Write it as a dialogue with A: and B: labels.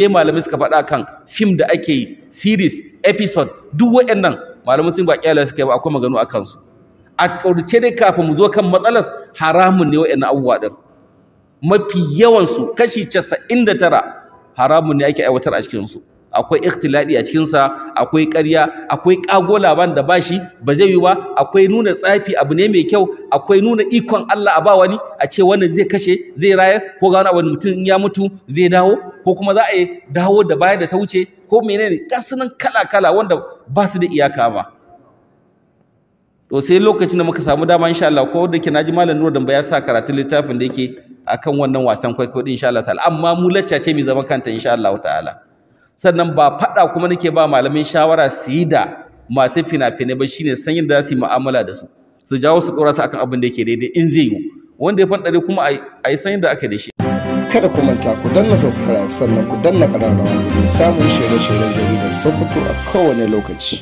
A: sai malamai suka faɗa kan fim da ake yi series episode duk wayannan malamai sun ba kyala suka yi ba akwai maganu akan su a ƙaurace dai kafin mu zo kan matsalar haramun ne waɗannan abubuwa ɗin mafi yawan su kashi tara, haramun ne ake aiwatar a cikin su akwai ikhtiladi a cikinsa akwai ƙarya akwai ƙago labarin da bashi ba zai yi ba akwai nuna tsafi abu ne mai kyau akwai nuna ikon Allah a ba wani a ce wannan zai kashe zai rayar ko ga wani mutum in ya mutu zai dawo ko kuma za a yi dawo da baya da ta wuce ko menene gasunan kala-kala wanda ba su da iyaka ba to sai lokacin da muka samu dama insha Allah ko da ke naji malam Nuru Damba ya sa karatun littafin da yake akan wannan wasan kwaikwayo din insha Allah amma mu lacca ce mai zama kanta insha Allah ta'ala sannan ba faɗa kuma nake ba malamin shawara su yi da masu fina-finai ba shine san yadda za su yi mu'amala da su su jawo su ɗora su akan abin da yake daidai in zai yi. wanda ya fanɗare kuma a yi san yadda aka da shi
B: kada ku manta ku danna subscribe sannan ku danna kararrawa domin samun shirye-shiryen jaridar Sokoto a kowane lokaci.